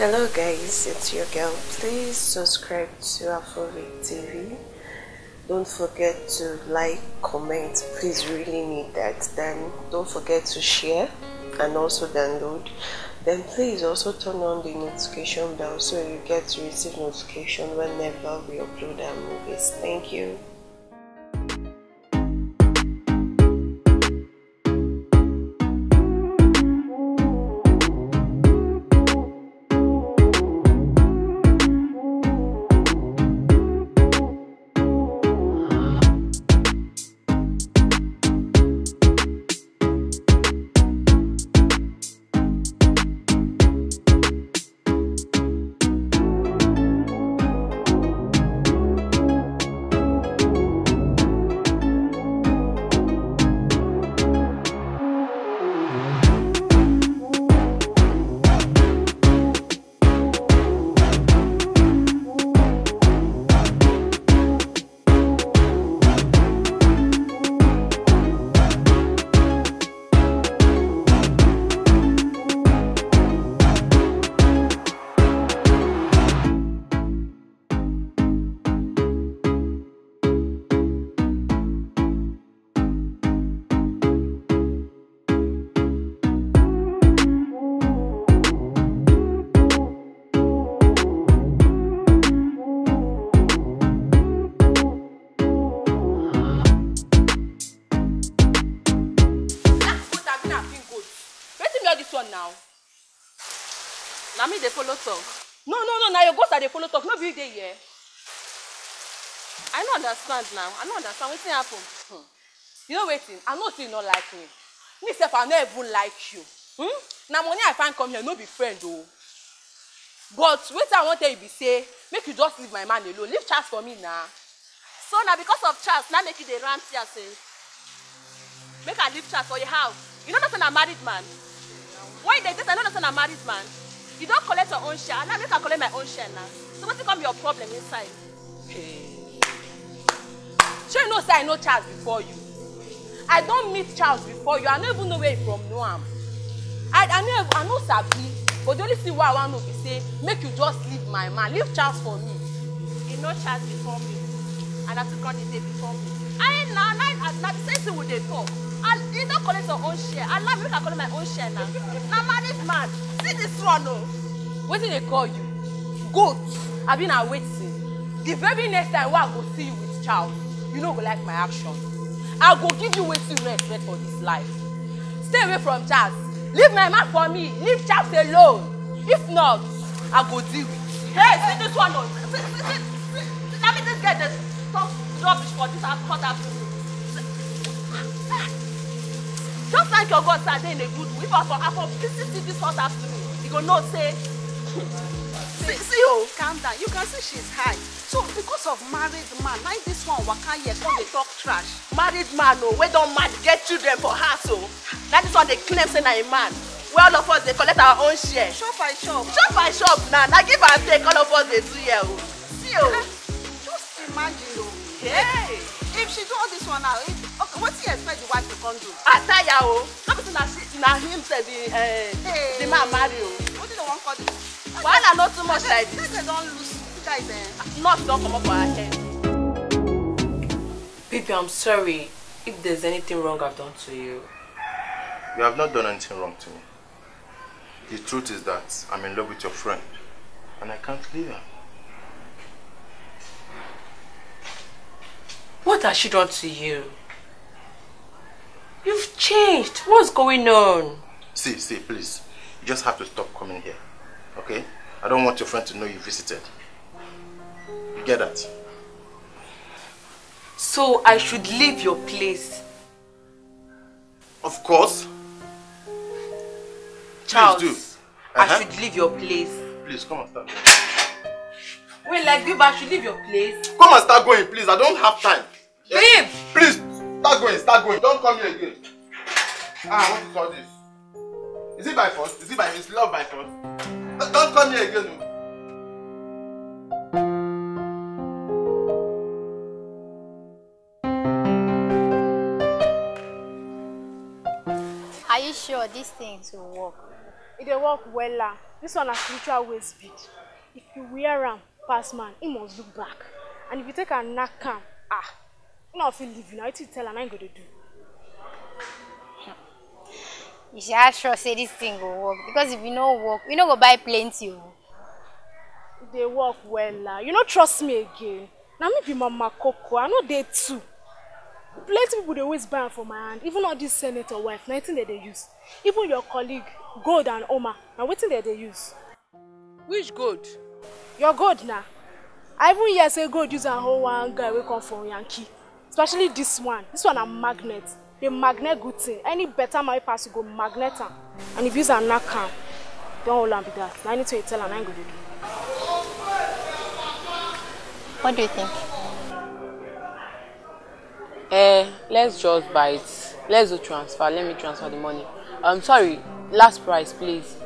Hello guys, it's your girl. Please subscribe to Afrobeat TV. Don't forget to like, comment. Please really need that. Then don't forget to share and also download. Then please also turn on the notification bell so you get to receive notification whenever we upload our movies. Thank you. na me dey follow talk no no no na your ghost i dey follow talk no be you dey here i no understand now i no understand wetin happen hmm. you know wetin i know say you no like me me sef i no even like you hmm? na money i find come here no be friend o oh. but wetin i wan tell you be say make you just leave my man alone leave chance for me na so na because of chance na make you dey rant here say make i leave chance for your house you no know say na married man Why you dey date i no know say na married man. You don't collect your own share. Now make I collect my own share now. So what's gonna your problem inside? Hey. Sure you know say I know Charles before you. I don't meet Charles before you. I don't even know where he from No, I'm. I I know I know Sabi, but the only thing what I want to be say make you just leave my man. Leave Charles for me. He know Charles before me. And I took on the day before me. I ain't now, now, now the same thing we dey talk. I You don't collect your own share. I love you to collect my own share now. Now married man, see this one oh. did they call you? Goat. I've been awaiting. The very next time wey I go see you with child, you know go like my action. I go give you wetin you expect for this life. Stay away from Charles. Leave my man for me. Leave Charles alone. If not, I go deal with you. Hey, see this one oh. See, see, see. thank your God say I dey in a good mood. If I for I for pity see this hot afternoon, you go know say. see, see oh, calm down. You can see she's high. So because of married man, like this one waka here come they talk trash. Married man oh, we don't mad get children for house oh. Na this one they claim say na a man. Wey all of us they collect our own share. Shop by shop. Shop by shop Now, now give and take all of us they do here oh. See oh. Just imagine oh. Hey. If she do all this one now, if Okay, what do you expect the wife to come do? Ataya o. No be say na him say the uh, the man marry o. Wetin dey wan call this? Wahala no too much like this. This don lose. You guys eh? Nurse don comot for her head. Baby, I'm sorry if there's anything wrong I've done to you. You have not done anything wrong to me. The truth is that I'm in love with your friend and I can't leave her. What has she done to you? You've changed. What's going on? See, see, please. You just have to stop coming here. Okay? I don't want your friend to know you visited. You get that? So I should leave your place? Of course. Charles, please do. Uh -huh. I uh-huh. should leave your place. Please, come and start going. Wait, like, babe, I should leave your place. Come and start going, please. I don't have time. Babe! Please, Start going, start going. Don't come here again. Ah, what is all this. Is it by force? Is it by his love by force? Don't come here again. Oh. Are you sure these things will work? It will work wella. This one has spiritual waist bead. If you wear am pass man, he must look back. And if you take a knack ah, no fit leave you now wetin you tell am na im go dey do. you sha sure say dis thing go work because if e no work we no go buy plenty o. Oh. e dey work wella you no trust me again na me be mama koko i no dey too plenty people dey always buy am for my hand even all dis senator wife na wetin dem dey use even your colleague gold and oma na wetin dem dey use. which gold. your gold na i even hear say gold use am hold one guy wey come from yankee especially this one this one a magnet dey magnet good thing any better man pass you go magnet am and if you are am knack am hold on be that na anything you tell her I him go do. what do you think. Eh, let's just buy it. Let's do transfer. Let me transfer the money. I'm um, sorry, last price, please.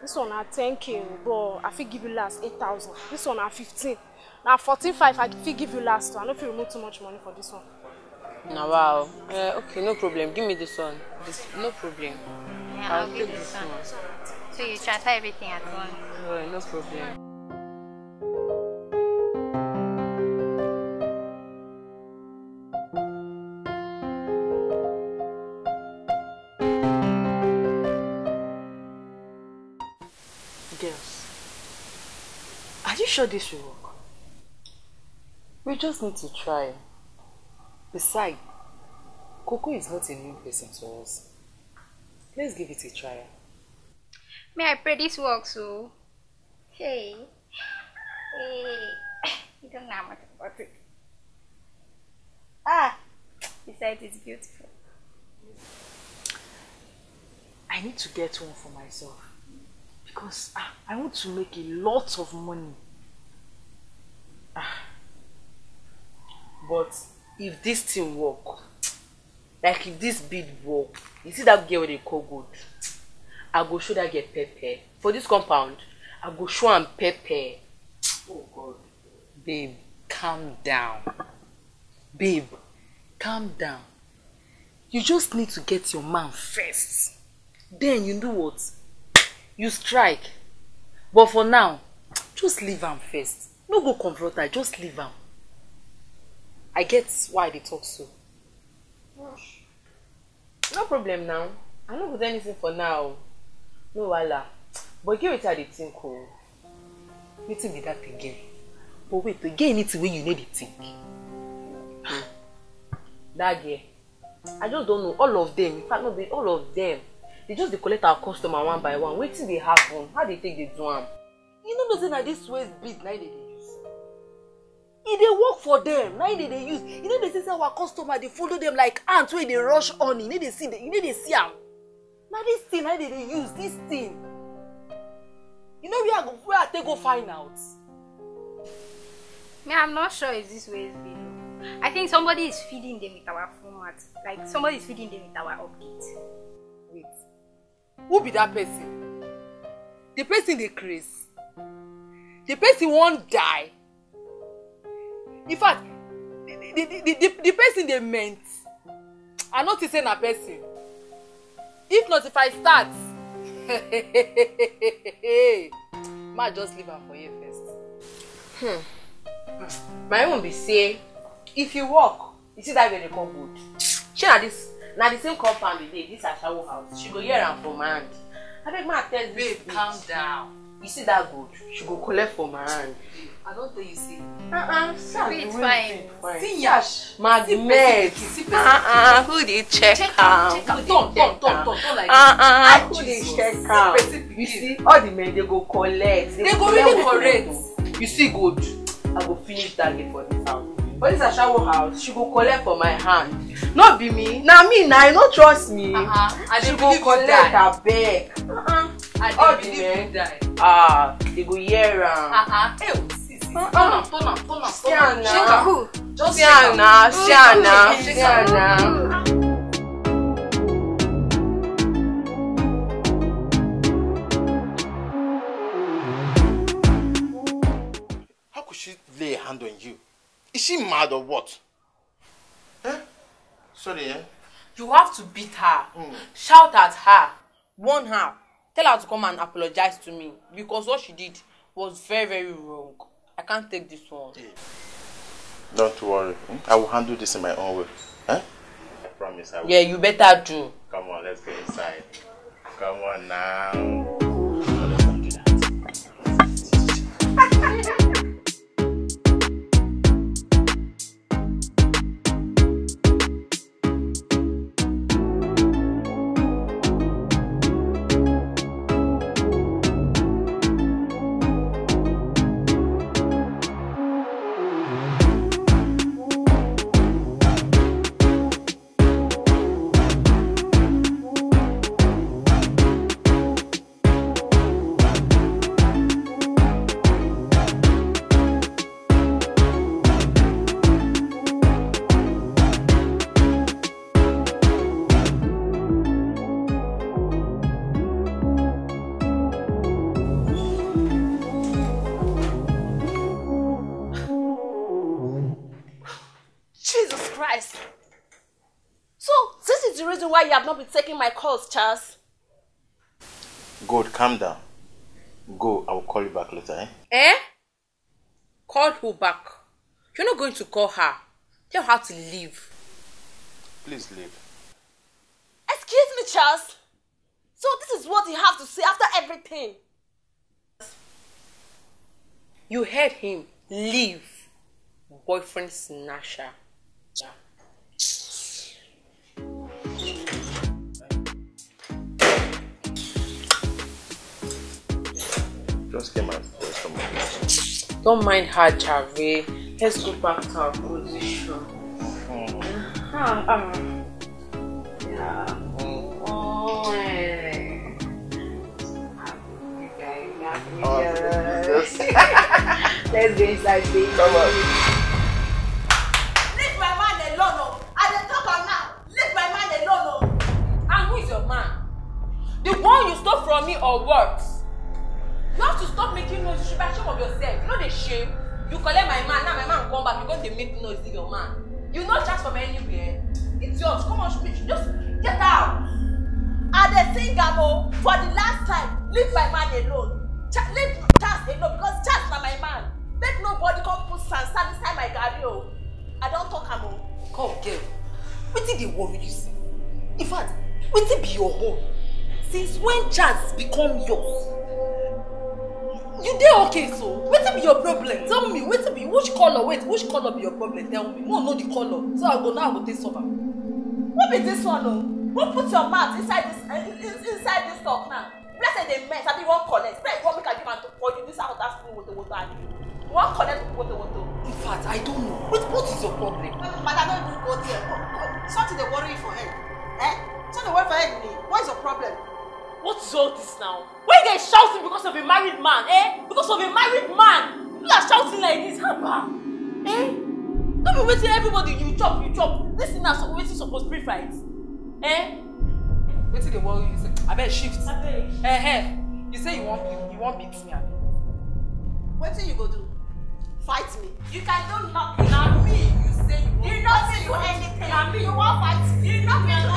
This one na 10k, but I think give you last 8,000. This one na 15. Now na 145 i fit give you last one i no fit remove too much money for this one na wow uh, okay no problem give me this one this no problem yeah, i'll, I'll give this one. one so you transfer everything at once no, no problem Girls, are you sure this will work? We just need to try. Besides, Coco is not a new person to us. Let's give it a try. May I pray this works, so? Oh. Hey. Hey. You don't know much about it. Ah! Besides, it's beautiful. I need to get one for myself. Because ah, I want to make a lot of money. but if this thing work like if this bid work you see that girl with dey call gold i go show that girl pepper for this compound i go show am pepper oh god babe calm down babe calm down you just need to get your man first then you do what you strike but for now just leave him first no go confront her just leave him. I get why they talk so. No problem now. I no go anything for now. No wahala. But get wetin I dey think oo. think be that again? But wait, again it's anything wey you need dey think. Hmm. That girl, I just don't know. All of them, in fact, not be all of them. They just dey collect our customer one by one. Wait Wetin dey happen? How they take dey do am? You know nothing na this waist bead na dey e dey work for dem na im e dey dey use you no dey see say our customer dey follow dem like ant wey dey rush on you no dey see you no dey see am na dis thing na im e dey dey use dis thing you know where i go where i take go find out. me i'm not sure if this way is being I think somebody is feeding them with our format. Like somebody is feeding them with our update. Wait. Who be that person? The person dey craze. The person wan die in fact the the the the, the person dey meant i no think say na person if not if i start ma just leave am for here first. Hmm. my own be say if you work you see that very come good shey na this na the same compound we dey this asawo house she go hear am from hand abeg ma tell this babe calm down You see that gold? She go collect for my hand. I don't think you see. Uh-uh. See, it's fine. fine. See ya. Magnet. Uh-uh. Who did check, check out? Check out. Turn, turn, turn, turn, Uh-uh. Ah, Who did check out? You see, all the men, they go collect. They, go really collect, You see gold? I go finish that day for this house. for dis shower house she go collect for my hand Not be me Now me now you no trust me uh -huh. she go collect her abeg. Uh -uh all the way ah they go hear am. ẹ ò sì sí tọ́nà tọ́nà tọ́nà tọ́nà ṣé kà ṣé àná ṣé àná ṣé àná. How could she lay a hand on you? Is she mad or what? Eh? Sorry, eh? You have to beat her, mm. shout at her, warn her, tell her to come and apologize to me because what she did was very very wrong i can't take this one. don't worry i will handle this in my own way eh? i promise i will. yeah you better do. come on let's go inside come on now. why you have not been taking my calls, Charles. Good, calm down. Go, I will call you back later. Eh? eh? Call who back? You're not going to call her. Tell her to leave. Please leave. Excuse me, Charles. So this is what you have to say after everything. You heard him. Leave. Boyfriend snatcher. Yeah. Just came and tell someone. Don't mind her, Jare. Let's go back to our position. Let's go inside, baby. Come on. Leave my man alone. Oh. I dey talk now. Leave my man alone. Oh. And who is your man? The one you stole from me or what? shame of yourself you know the shame you collect my man now my man come back because go dey make noise with your man you no charge from anywhere it's yours come on speech just get out And the thing, am for the last time leave my man alone Ch leave charles alone because charles na my man Let nobody come put sand inside my garden. Oh, i don't talk am o. Oh. come girl wetin dey worry you in fact wetin be your home? since when charles become yours you dey okay so wetin be your problem tell me wetin be which color? wait which color be your problem tell me mo know the color, so i go now i go take solve am. be this one oh? o who put your mouth inside this? uh, inside this talk now blessed dey mess be wan collect pray one make i give am to for you this out that school woto woto abi you wan collect woto woto. in fact i don't know what what is your problem. madam no do go there something dey What is all this now? Why you guys shouting because of a married man, eh? Because of a married man! You are shouting like this, haba! Eh? Don't be waiting everybody, you chop, you chop. This is not waiting supposed to fight. Eh? Wetin the world, you? say. I bet shift. I bet. Eh, eh. You say you want, you want beat me, What Wetin you go do? Fight me. You can do nothing. Na me you say you won't. You no say you anything. Na me you wan fight. You no be